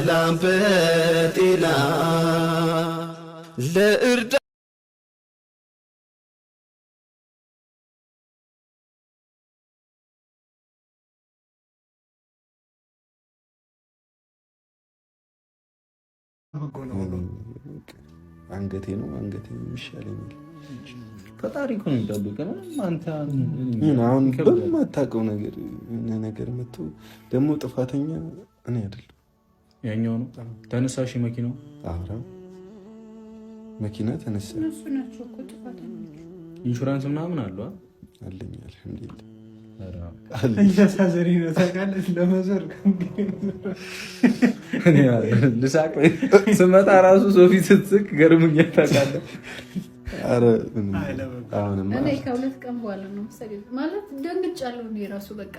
በሰላም በጤና ለእርዳ አንገቴ ነው አንገቴ ፈጣሪ እኮ ነው የሚጠብቀን። አሁን በማታውቀው ነገር ነገር መጥቶ ደግሞ ጥፋተኛ እኔ አይደለም። ያኛው ነው ተነሳሽ መኪናው መኪና ተነሳ። ኢንሹራንስ ምናምን አለ አለኝ። አልሐምዱሊላህ ስመጣ ራሱ ሶፊ ስትስቅ ገርሙኛ ታውቃለህ ከሁለት ቀን በኋላ ነው ማለት ደንግጫለሁ ራሱ በቃ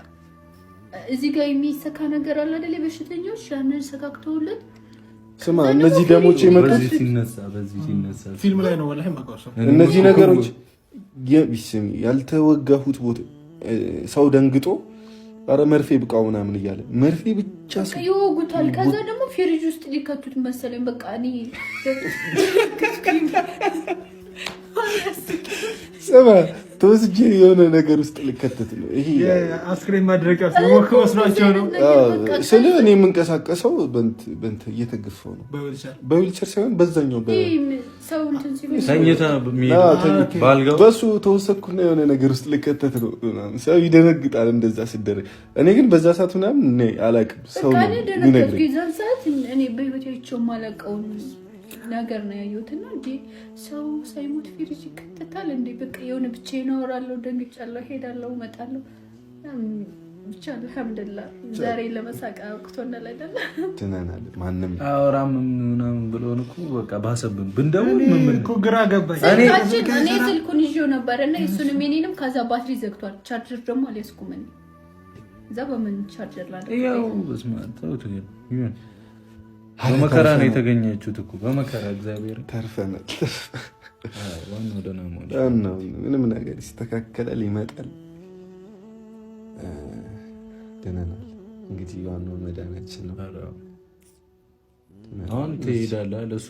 እዚህ ጋር የሚሰካ ነገር አለ አይደለ? በሽተኞች ያንን ሰካክተውለት። ስማ እነዚህ ደሞች የመጡት እነዚህ ነገሮች ስሚ ያልተወጋሁት ቦታ ሰው ደንግጦ ኧረ መርፌ ብቃው ምናምን እያለ መርፌ ብቻ ይወጉታል። ከዛ ደግሞ ፌሪጅ ውስጥ ሊከቱት መሰለኝ። በቃ ስማ ተወስጄ የሆነ ነገር ውስጥ ልከተት ነው። ይሄ አስክሬን ማድረቂያ ወስዷቸው ነው ስለ እኔ የምንቀሳቀሰው በንት እየተገፈው ነው። በዊልቸር ሳይሆን በዛኛው በሱ ተወሰድኩና የሆነ ነገር ውስጥ ልከተት ነው። ሰው ይደነግጣል እንደዛ ሲደረግ። እኔ ግን በዛ ሰዓት ምናምን አላቅም ሰው ነው ሰዓት እኔ በህይወቴ ይነግረኝ ነገር ነው ያየሁት። እና እንዴ ሰው ሳይሞት ፍሪጅ ይከተታል እንዴ? በቃ የሆነ ብቻ ይኖራለሁ፣ ደንግጫለሁ፣ ሄዳለሁ፣ እመጣለሁ። ብቻ አልሐምድላ ዛሬ ለመሳቅ አውቅቶናል አይደለ? ትነናል። ማንም አውራም ምናምን ብሎን እኮ በቃ ባሰብን ብንደውል ምን እኮ ግራ ገባኝ። እኔ ስልኩን ይዤው ነበር እና የሱንም የኔንም ከዛ ባትሪ ዘግቷል። ቻርጀር ደግሞ አልያዝኩም እኔ እዛ በምን ቻርጀር ላደርግ በመከራ ነው የተገኘችሁት እኮ በመከራ እግዚአብሔር ተርፈናል። ምንም ነገር ይስተካከላል፣ ይመጣል። ደህና እንግዲህ ዋናው መዳናችን ነው። አሁን ትሄዳለህ ለሱ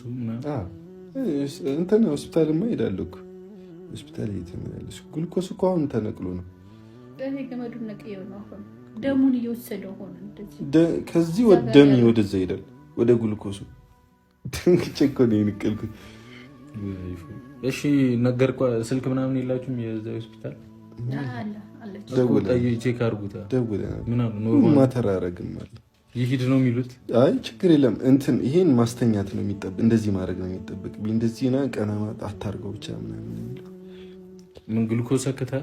እንትን ሆስፒታልማ እሄዳለሁ እኮ ሆስፒታል እየተመላለሱ ግልኮስ እኮ አሁን ተነቅሎ ነው ደሙን እየወሰደው ሆነ። ከዚህ ወደ ደም ወደዛ ሄዳል ወደ ጉልኮሱ ቸኮን የንቀልኩት። እሺ ነገር ስልክ ምናምን የላችሁም? የዛ ሆስፒታል ቼክ ማተራረግም አለ ነው የሚሉት። አይ ችግር የለም እንትን ይሄን ማስተኛት ነው የሚጠብቅ፣ እንደዚህ ማድረግ ነው የሚጠብቅ። እንደዚህ ና ቀናማ አታርገው ብቻ ምናምን ምን ግሉኮስ ሰክተህ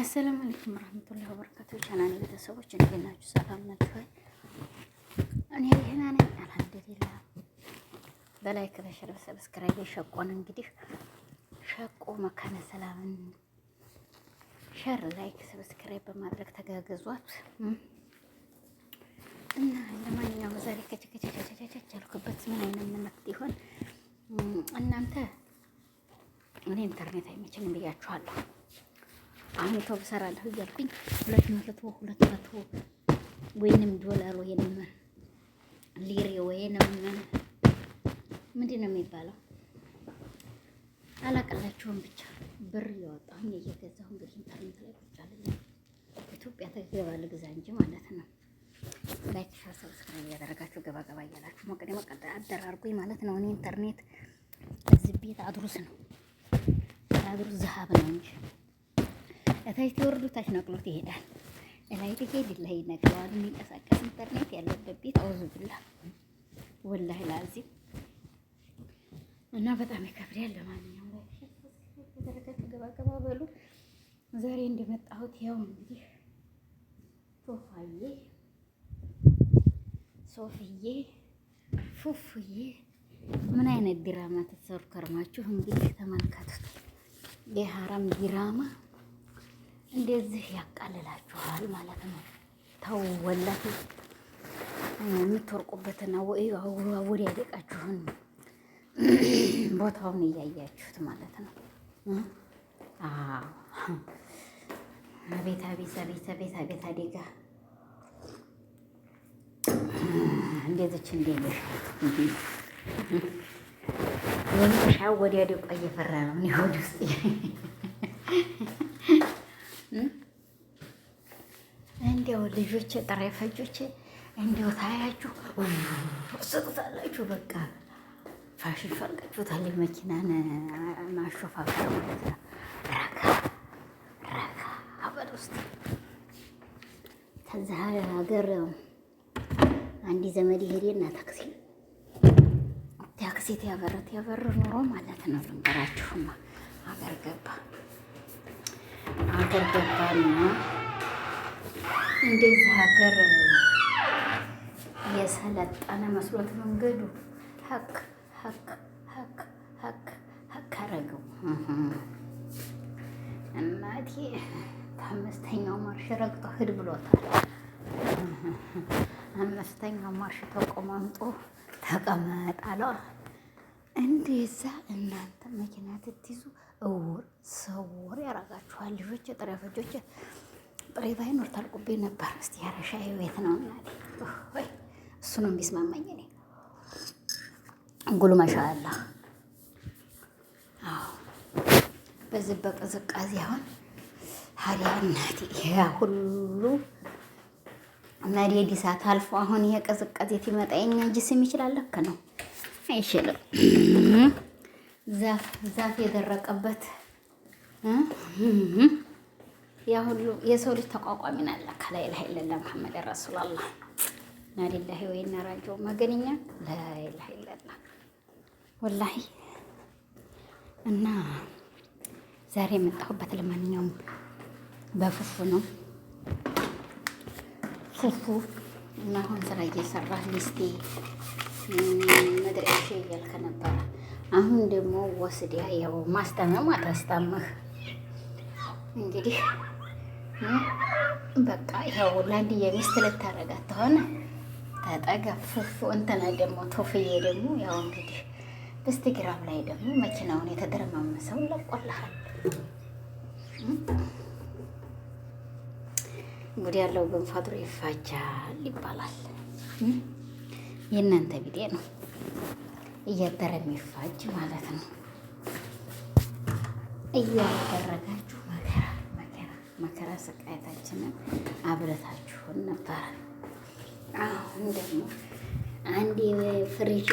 አሰላሙ አለይኩም ወራህመቱላሂ ወበረካቱ። ቻናል ቤተሰቦች እንዴት ናችሁ? ሰላም ናችሁ? እኔ ደህና ነኝ አልሐምዱሊላህ። በላይክ በሸር በሰብስክራይብ ሸቆን እንግዲህ ሸቆ መካነ ሰላምን ሸር፣ ላይክ፣ ሰብስክራይብ በማድረግ ተጋገዟት እና ለማንኛውም ዛሬ ከቸከቸቸቸቸ ያልኩበት ምን አይነት ምናፍጥ ይሆን እናንተ? እኔ ኢንተርኔት አይመችልም ብያችኋለሁ። አሁን ተው እሰራለሁ እያልኩኝ ሁለት መቶ ሁለት መቶ ወይንም ዶላር ወይንም ሊሬ ወይንም ምንድን ነው የሚባለው አላቃላቸውም ብቻ ብር እያወጣሁኝ እየገዛሁ እንግዲህ ኢንተርኔት ላይ ቁጭ አለኝ። ኢትዮጵያ ተገባል ግዛ እንጂ ማለት ነው። ላይክ ሻር ሰብስክራይብ እያደረጋችሁ ገባ ገባ እያላችሁ መቀደ መቀደ አደራርጉኝ ማለት ነው። እኔ ኢንተርኔት እዚህ ቤት አድሩስ ነው አድሩስ ዝሀብ ነው እንጂ እታች ተወርዶ ታች ነቅሎት ይሄዳል። እላይ ትሄድ ላይ ይነቅለዋል። የሚንቀሳቀስ ኢንተርኔት ያለበት ቤት አውዙ ብላ ወላህ ላዚ እና በጣም ይከብዳል። ለማንኛውም ተረከቱ ገባገባ በሉ። ዛሬ እንደመጣሁት ያው እንግዲህ ቶፋዬ ሶፍዬ ፉፉዬ ምን አይነት ዲራማ ተሰሩ ከርማችሁ እንግዲህ ተመልከቱት። የሀረም ዲራማ እንደዚህ ያቃልላችኋል ማለት ነው። ተው ወላሂ የምትወርቁበትና ወዲ ያደቃችሁን ቦታውን እያያችሁት ማለት ነው። አቤት አቤት አቤት አቤት አቤት አደጋ እንደዚች እንደሻ የሻ ወዲያ ደቋ እየፈራ ነው ወደ ውስጥ እንዲያው ልጆቼ ጥሬ ፈጆቼ እንዲያው ታያችሁ ስቅታላችሁ። በቃ ፋሽን ፈልጋችሁታል። መኪናን ማሾፋፈር ማለት ነው። ረካ ረካ አበል ውስጥ ከዛ ሀገር አንድ ዘመድ ሄዴና ታክሲ ታክሲ ያበረት ያበር ኑሮ ማለት ነው። ልንገራችሁማ ሀገር ገባ ሀገር ገባና እንደዚህ ሀገር የሰለጠነ መስሎት መንገዱ ሀክ ሀክ ሀክ ሀክ ሀክ አረገው። እናቴ ከአምስተኛው ማርሽ ረግጦ ሂድ ብሎታል። አምስተኛው ማርሽ ተቆማምጦ ተቀመጥ አለዋ። እንደዛ እናንተ መኪና ትትይዙ እውር ሰውር ያረጋችኋል ልጆች የጥሬ ፈጆች ጥሬ ባይኖር ታልቁቤ ነበር። እስቲ ያረሻ ቤት ነው እናቴ፣ እሱ ነው የሚስማማኝ እኔ ጉሉ ማሻአላ። አዎ በዚህ በቅዝቃዜ አሁን ሀዲያ ያ ሁሉ መዴዲ ሰዓት አልፎ አሁን ይሄ ቅዝቃዜ ትመጣ የኛ ጅስም ይችላል። ልክ ነው፣ አይችልም ዛፍ ዛፍ የደረቀበት ያ ሁሉ የሰው ልጅ ተቋቋሚን አለ ከላይላ ለላ መሐመድ ረሱላላ አላ እና ሌላ ወይና ራጆ መገንኛ ላይላ ለላ ወላሂ እና ዛሬ የመጣሁበት ለማንኛውም በፉፉ ነው። ፉፉ እና አሁን ስራ እየሰራ ሊስቴ መድረሻ እያልከ ነበረ። አሁን ደግሞ ወስዲያ ያው ማስታመም አታስታምህ እንግዲህ በቃ ይኸው ለአንድ የሚስት ልታረጋት ተሆነ ተጠጋ ፍፉ እንትና ደግሞ ቶፍዬ ደግሞ ያው እንግዲህ ኢንስታግራም ላይ ደግሞ መኪናውን የተደረማመሰው ለቆልሃል። እንግዲህ ያለው ግን ፋጥሮ ይፋጃል ይባላል። የእናንተ ቢጤ ነው እያደረ የሚፋጅ ማለት ነው እያደረጋችሁ መከራ ስቃየታችንን አብረታችሁን ነበረ። አሁን ደግሞ አንድ ፍሪጅ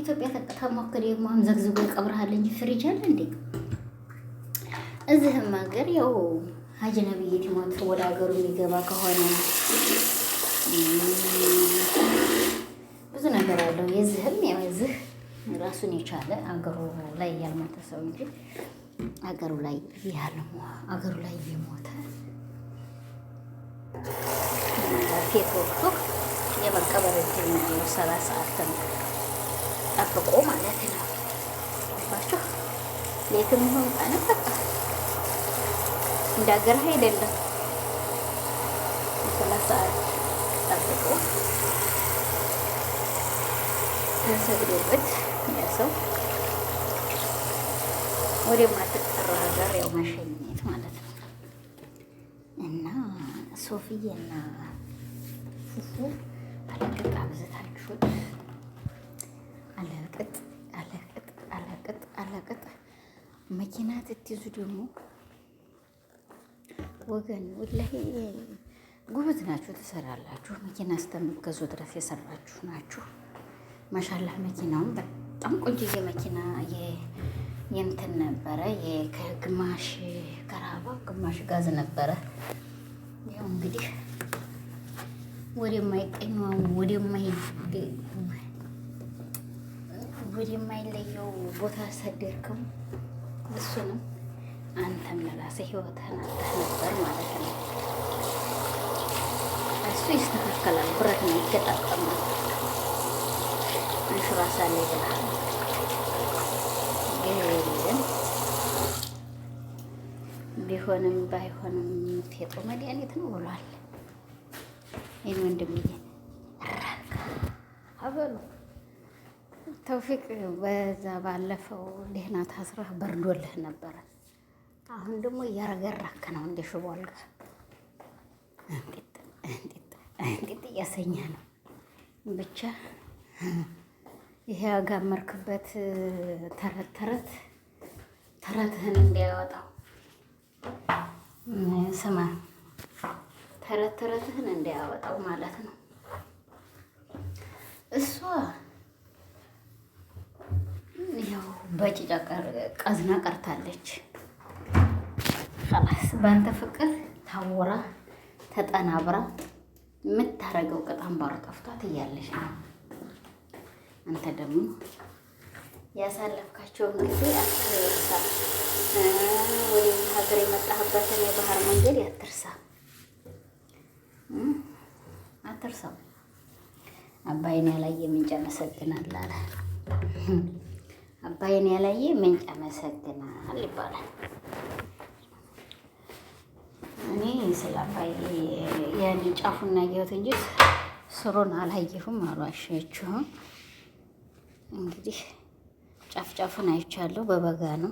ኢትዮጵያ ተሞክር የማም ዘግዝጎ ይቀብረሃል እንጂ ፍሪጅ አለ እንዴ? እዚህም ሀገር ያው ሀጅ ነብይ ቲሞት ወደ ሀገሩ የሚገባ ከሆነ ብዙ ነገር አለው። የዚህም ያው የዚህ ራሱን የቻለ አገሩ ላይ ያልሞተ ሰው እንጂ አገሩ ላይ ያልሞ አገሩ ላይ የሞተ የመቀበር እድል ጠብቆ ማለት ነው ባቸው ሌትም በቃ እንደ ሀገር አይደለም። ሰላሳ ሰዓት ጠብቆ ተሰግዶበት ያ ሰው ወደ ማትጠራ ሀገር ያው መሸኘት ማለት ነው። እና ሶፊዬና ፉፉ አለቅጥ አብዝታችሁት አለቅጥ አለቅጥ አለቅጥ አለቅጥ መኪና ትትይዙ ደግሞ ወገን ወላሂ ጉበት ናችሁ፣ ትሰራላችሁ። መኪና እስከምትገዙ ድረስ የሰራችሁ ናችሁ። ማሻላህ መኪናውም በጣም ቆንጆዬ መኪና የምትን ነበረ የግማሽ ከራባ ግማሽ ጋዝ ነበረ። ያው እንግዲህ ወደማይቀኝ ወደማይለየው ቦታ ሰደድከው እሱንም አንተም ለራስህ ህይወትህን አጥተህ ነበር ማለት ነው። እሱ ይስተካከላል። ብረት ነው ይገጣጠማል። እንሹራሳ ላይ ብለሃል ይውልን ቢሆንም ባይሆንም ፌጦ መድኃኒት ነው ብሏል። ይህን ወንድምዬ አበሉ ተውፊቅ በዛ ባለፈው ደህና ታስረህ በርዶልህ ነበረ። አሁን ደግሞ እያረገራክ ነው እንደ ሽቦ አልጋ እንጢጥ እያሰኘህ ነው ብቻ ይሄ ያጋመርክበት ተረት ተረት ተረትህን እንዳያወጣው ስማ፣ ተረት ተረትህን እንዳያወጣው ማለት ነው። እሷ ያው በጭጫ ቀዝና ቀርታለች። ላስ በአንተ ፍቅር ታወራ ተጠናብራ የምታረገው ቅጣም ባሮ ጠፍቷት እያለች ነው። አንተ ደግሞ ያሳለፍካቸውን ጊዜ አትርሳ፣ ወይም ሀገር የመጣህበትን የባህር መንገድ አትርሳ፣ አትርሳው። አባይን ያላየ ምንጭ ያመሰግናል አለ። አባይን ያላየ ምንጭ አመሰግናል ይባላል። እኔ ስለ አባይ የጫፉን አየሁት እንጂ ስሩን አላየሁም። አሏሸችሁም እንግዲህ ጫፍጫፉን አይቻለሁ። በበጋ ነው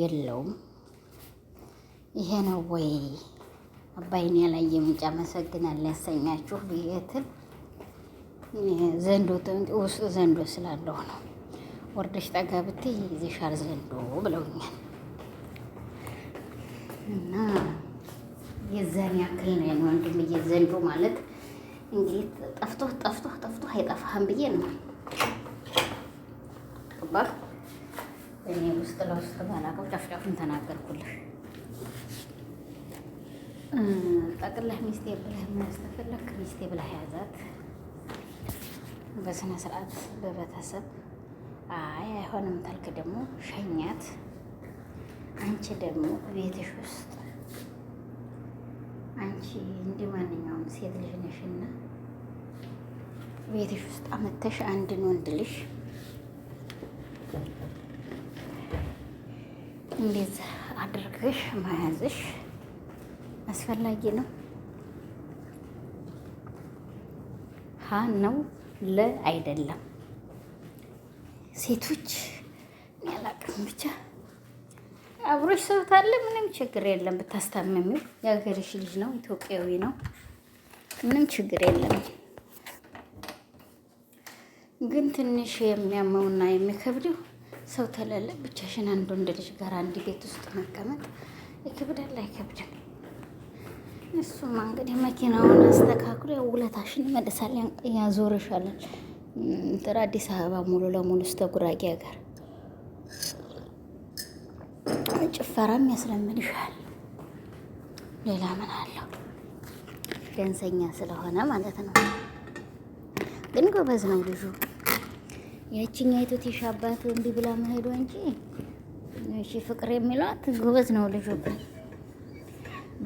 የለውም። ይሄ ነው ወይ አባይን ያላየ ምንጭ አመሰግናል ያሰኛችሁ ብየትል ዘንዶ ውስጥ ዘንዶ ስላለው ነው። ወርደሽ ጠጋ ብትይ ይዘሻል ዘንዶ ብለውኛል። እና የዛን ያክል ነው ያን ወንድም እየዘንዶ ማለት እንግዲህ ጠፍቶ ጠፍቶ ጠፍቶ አይጠፋህም ብዬ ነው አባህ እኔ ውስጥ ለውስጥ ባላቀው ጨፍጨፉን ተናገርኩልህ። ጠቅለህ ሚስቴ ብለህ የሚያስተፈለክ ሚስቴ ብለህ ያዛት በስነ ስርዓት በቤተሰብ አይ አይሆንም ታልክ ደግሞ ሸኛት። አንቺ ደግሞ ቤትሽ ውስጥ አንቺ እንደ ማንኛውም ሴት ልጅ ነሽና ቤትሽ ውስጥ አመተሽ አንድን ወንድ ልሽ እንደዚህ አድርገሽ መያዝሽ አስፈላጊ ነው። ሀ ነው ለ አይደለም። ሴቶች ያላቅም ብቻ አብሮሽ ሰው ታለ ምንም ችግር የለም። ብታስታመሚው የሀገርሽ ልጅ ነው፣ ኢትዮጵያዊ ነው። ምንም ችግር የለም። ግን ትንሽ የሚያመውና የሚከብደው ሰው ተለለ ብቻሽን አንድ ወንድ ልጅ ጋር አንድ ቤት ውስጥ መቀመጥ ይከብዳል አይከብድም? እሱማ እንግዲህ መኪናውን አስተካክሎ ያው ውለታሽን ይመልሳል፣ ያዞርሻል። እንትን አዲስ አበባ ሙሉ ለሙሉ እስከ ጉራጌ ሀገር ጭፈራም ያስለምድሻል። ሌላ ምን አለው? ደንሰኛ ስለሆነ ማለት ነው። ግን ጎበዝ ነው ልጁ። ያቺኛ አይቶ የሻባት እምቢ ብላ መሄዱ እንጂ እሺ ፍቅር የሚሏት ጎበዝ ነው። ልጆብን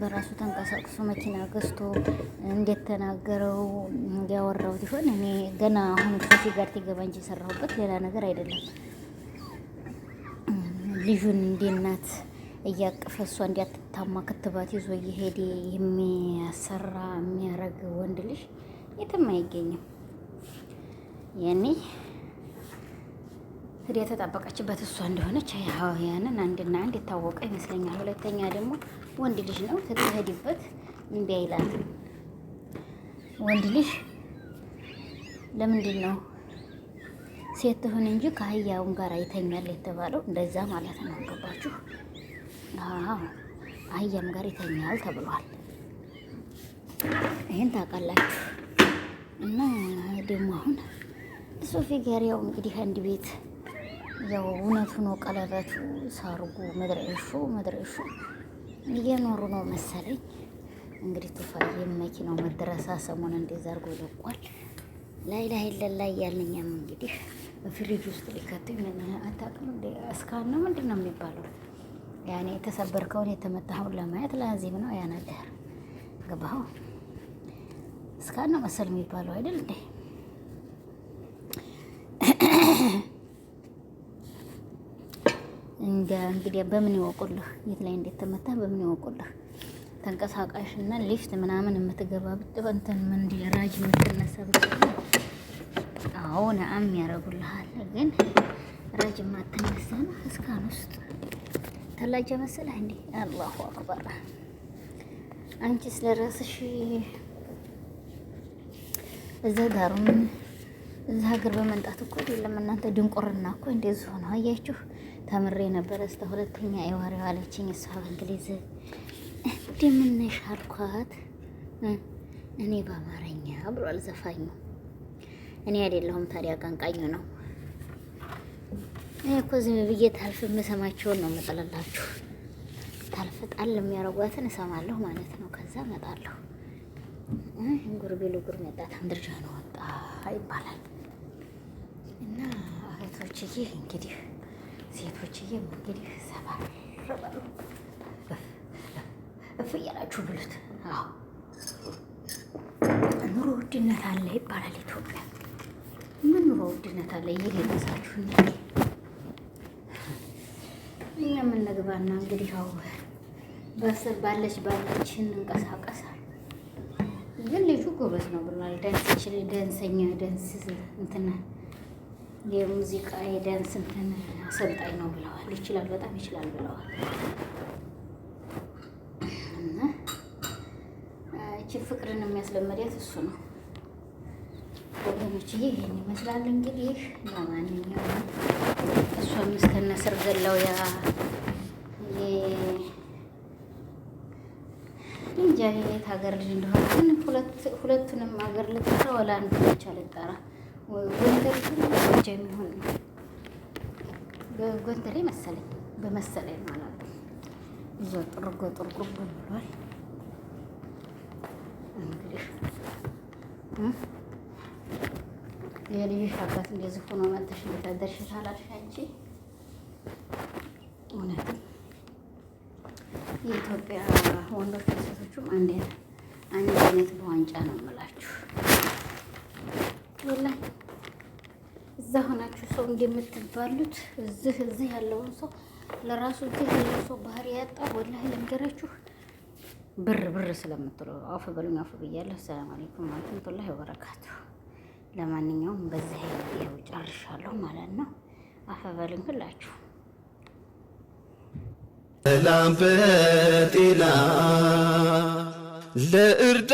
በራሱ ተንቀሳቅሶ መኪና ገዝቶ እንዴት ተናገረው እንዲያወራው ሲሆን እኔ ገና አሁን ከፊ ጋር ትገባ እንጂ የሰራሁበት ሌላ ነገር አይደለም። ልጁን እንዴናት እያቀፈ እሷ እንዲያትታማ ክትባት ይዞ እየሄደ የሚያሰራ የሚያረግ ወንድ ልጅ የትም አይገኝም። እንግዲህ የተጠበቀችበት እሷ እንደሆነች ያንን አንድና አንድ የታወቀ ይመስለኛል። ሁለተኛ ደግሞ ወንድ ልጅ ነው ትትሄድበት እምቢ አይላት። ወንድ ልጅ ለምንድን ነው ሴት ትሆን እንጂ ከአህያውን ጋር ይተኛል የተባለው? እንደዛ ማለት ነው። ገባችሁ? አህያም ጋር ይተኛል ተብሏል። ይህን ታውቃላችሁ። እና ደግሞ አሁን ሶፊ ጋር ያው እንግዲህ አንድ ቤት ያው እውነቱ ነው። ቀለበቱ፣ ሰርጉ፣ መድረሹ መድረሹ እየኖሩ ነው መሰለኝ። እንግዲህ ቱፋዬም መኪናው መድረሳ ሰሞን እንደዛ አድርጎ ልቋል። ላይላ ሄለላ እያልንኛም እንግዲህ ፍሪጅ ውስጥ ሊከተኝ አታውቅም። እስካሁን ነው ምንድን ነው የሚባለው? ያኔ የተሰበርከውን የተመታኸውን ለማየት ለዚህም ነው ያ ነገር ገባኸው። እስካሁን ነው መሰል የሚባለው አይደል እንዴ? እንደ እንግዲህ በምን ይወቁልህ፣ የት ላይ እንዴት እንደተመታ በምን ይወቁልህ። ተንቀሳቃሽ እና ሊፍት ምናምን የምትገባ ብትሆን እንትን ምን ራጅ የምትነሳ ብትሆን አዎ ነአም ያደርጉልሃል። ግን ራጅ የማትነሳ ነው እስካን ውስጥ ተላጀ መሰለህ እንዴ? አላሁ አክበር። አንቺ ስለራስሽ እዛ ዳሩም እዛ ሀገር በመምጣት እኮ አይደለም እናንተ ድንቁርና እኮ እንደዚህ ሆነ አያችሁ። ተምሬ ነበረ እስከ ሁለተኛ የዋሪው አለችኝ። እሷ በእንግሊዝ እንደምነሽ አልኳት። እኔ በአማርኛ ብሏል ዘፋኙ። እኔ አይደለሁም ታዲያ አቀንቃኙ ነው። እኔ እኮ ዝም ብዬ ታልፍ የምሰማቸውን ነው የምጥልላችሁ። ታልፍ ጣል የሚያረጓትን እሰማለሁ ማለት ነው። ከዛ እመጣለሁ። ጉርቢሉ ጉር መጣ ታምድርጃ ነው ወጣ ይባላል እና እህቶችዬ እንግዲህ ሴቶችዬ እንግዲህ ሰባር እፍ እያላችሁ ብሉት። ኑሮ ውድነት አለ ይባላል። ኢትዮጵያ ምን ኑሮ ውድነት አለ? እየደረሳችሁ እኛ ምን ነግባና እንግዲህ ያው በስር ባለች ባለችን እንቀሳቀሳል። ግን ልጁ ጎበዝ ነው ብሏል። ደንሰች ደንሰኛ ደንስ እንትና የሙዚቃ የዳንስ እንትን አሰልጣኝ ነው ብለዋል። ይችላል፣ በጣም ይችላል ብለዋል። እና እቺ ፍቅርን የሚያስለመዳት እሱ ነው። ወገኖች ይህ ይህን ይመስላል እንግዲህ። ለማንኛውም እሷ ምስከነ ስር ዘለው ያ እንጃ የት ሀገር ልጅ እንደሆነ ግን ሁለቱንም ሀገር ልጠራ ወላ አንዱ ብቻ ልጠራ ጎንደር ጎጃም የሚሆን ጎንደሬ መሰለኝ በመሰለኝ ማለት ነው። እዛ ጥርጎ ጥርጎ ብሏል እንግዲህ የልጅሽ አባት እንደዚህ ሆኖ መጥተሽ እንደታደርሽ ታላልሽ አንቺ እውነትም የኢትዮጵያ ወንዶች ሴቶቹም አንድ አይነት በዋንጫ ነው የምላችሁ። እዛ ሆናችሁ ሰው እንደምትባሉት እዚህ እዚህ ያለውን ሰው ለራሱ እዚህ ያለው ሰው ባህሪ ያጣ ወላሂ ልንገራችሁ፣ ብር ብር ስለምትሉ አፍ በሉኝ። አፍ ብያለሁ። ሰላም አለይኩም ወረህመቱላሂ ወበረካቱ። ለማንኛውም በዚህ ያው ጨርሻለሁ ማለት ነው። አፍ በሉኝ ሁላችሁ። ሰላም በጤና ለእርዳ